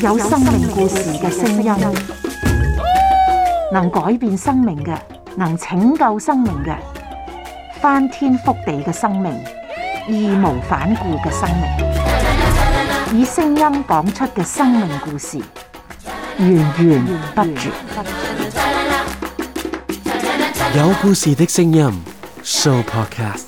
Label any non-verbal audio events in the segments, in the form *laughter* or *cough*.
有生命故事嘅聲音，能改變生命嘅，能拯救生命嘅，翻天覆地嘅生命，義無反顧嘅生命，以聲音講出嘅生命故事，源源不絕。有故事嘅聲音，Show Podcast。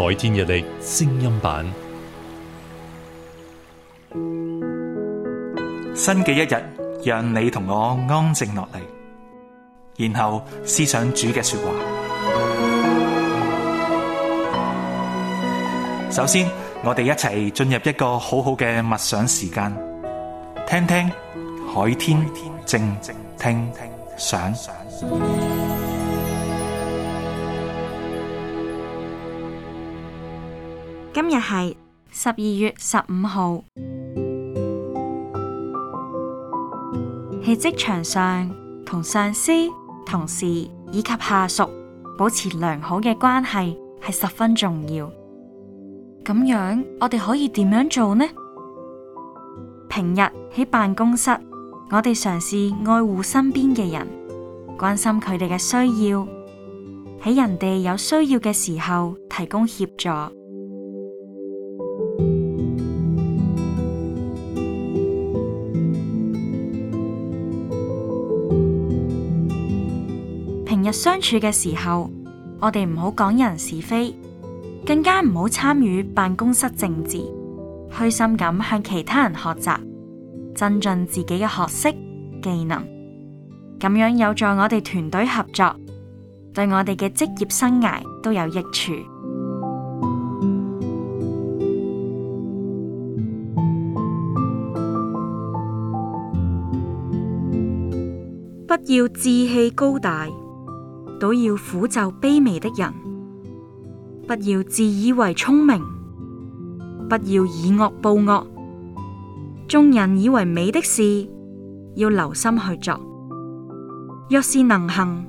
海天日曆聲音版，新嘅一日，讓你同我安靜落嚟，然後思想主嘅說話。嗯。首先，我哋一齊進入一個好好嘅默想時間，聽聽海天靜聽，聽想。」今日係十二月十五號， *music* 喺職場上，同上司、同事以及下屬保持良好嘅關係係十分重要。咁樣我哋可以點樣做呢？平日喺辦公室，我哋嘗試愛護身邊嘅人，關心佢哋嘅需要，喺人哋有需要嘅時候提供協助。相處嘅時候，我哋唔好講人是非，更加唔好參與辦公室政治，虛心咁向其他人學習，增進自己嘅學識技能，咁樣有助我哋團隊合作，對我哋嘅職業生涯都有益處。不要志氣高大。倒要俯就卑微的人，不要自以為聰明，不要以惡報惡。眾人以為美的事，要留心去做。若是能行，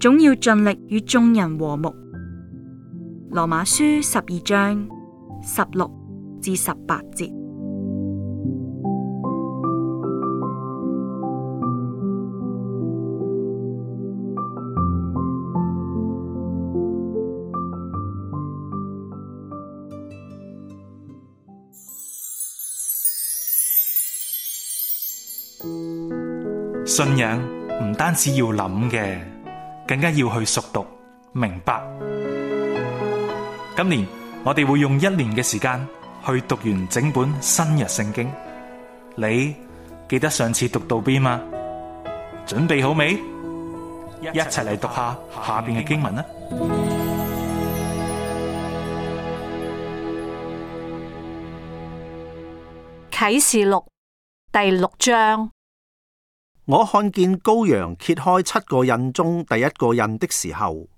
總要盡力與眾人和睦。羅馬書十二章十六至十八節。信仰唔單止要諗嘅，更加要去熟讀明白。今年我哋會用一年嘅時間去讀完整本新約聖經。你記得上次讀到邊嗎？準備好未？一齊嚟讀下下邊嘅經文啦！啟示錄。第六章，我看見羔羊揭開七個印中第一個印的時候，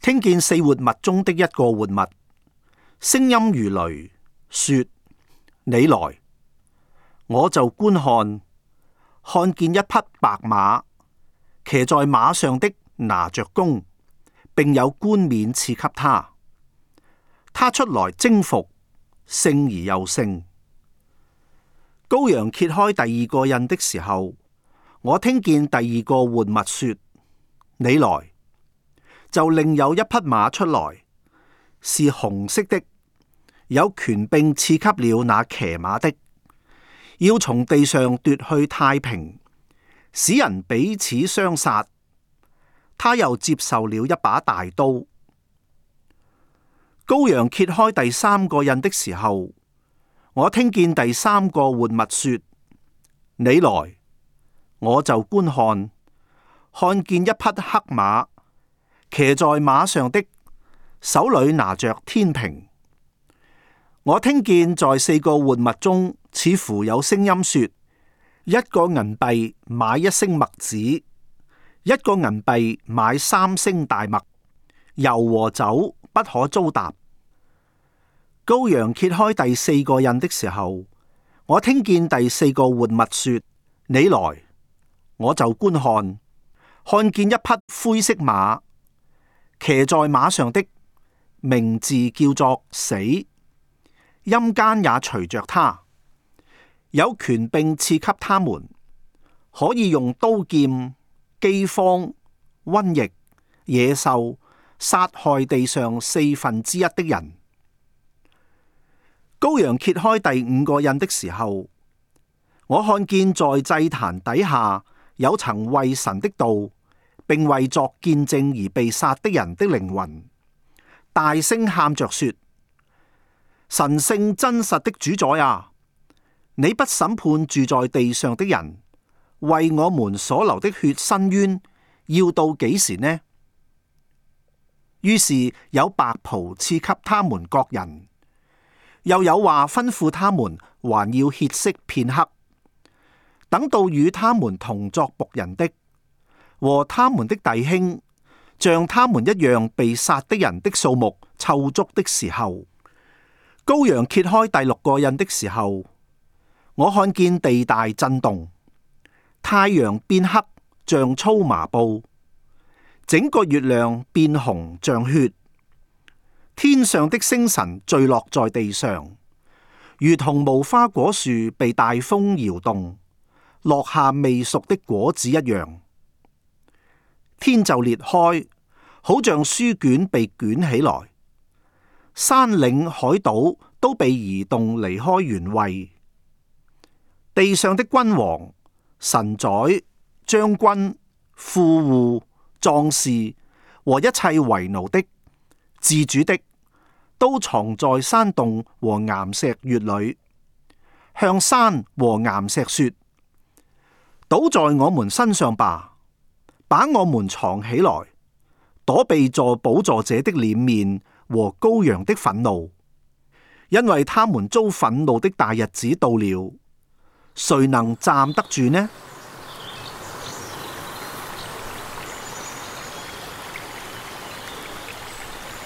聽見四活物中的一個活物聲音如雷，說：你來，我就觀看，看見一匹白馬，騎在馬上的拿着弓，並有冠冕賜給他，他出來征服，勝而又勝。羔羊揭開第二個印的時候，我聽見第二個活物說：你來，就另有一匹馬出來，是紅色的，有權柄賜給了那騎馬的，要從地上奪去太平，使人彼此相殺。他又接受了一把大刀。羔羊揭開第三個印的時候。我聽見第三個活物說：你來，我就觀看，看見一匹黑馬，騎在馬上的手裏拿着天平。我聽見在四個活物中，似乎有聲音說：一個銀幣買一升麥子，一個銀幣買三升大麥，油和酒不可糟蹋。羔羊揭開第四個印的時候，我聽見第四個活物說：你來，我就觀看，看見一匹灰色馬，騎在馬上的名字叫做死，陰間也隨着他，有權並賜給他們，可以用刀劍、飢荒、瘟疫、野獸殺害地上四分之一的人。羔羊揭開第五個印的時候，我看見在祭壇底下有曾為神的道，並為作見證而被殺的人的靈魂，大聲喊着說：神聖真實的主宰啊，你不審判住在地上的人，為我們所流的血伸冤要到幾時呢？於是有白袍賜給他們各人。又有話吩咐他們，還要歇息片刻，等到與他們同作僕人的和他們的弟兄，像他們一樣被殺的人的數目湊足的時候。羔羊揭開第六個印的時候，我看見地大震動，太陽變黑，像粗麻布；整個月亮變紅，像血。天上的星辰墜落在地上，如同無花果樹被大風搖動，落下未熟的果子一樣。天就裂開，好像書卷被捲起來。山嶺海島都被移動離開原位。地上的君王、神宰、將軍、富戶、壯士和一切為奴的。自主的都藏在山洞和岩石穴裏，向山和岩石說：倒在我們身上吧，把我們藏起來，躲避坐寶座者的臉面和羔羊的憤怒，因為他們遭憤怒的大日子到了，誰能站得住呢？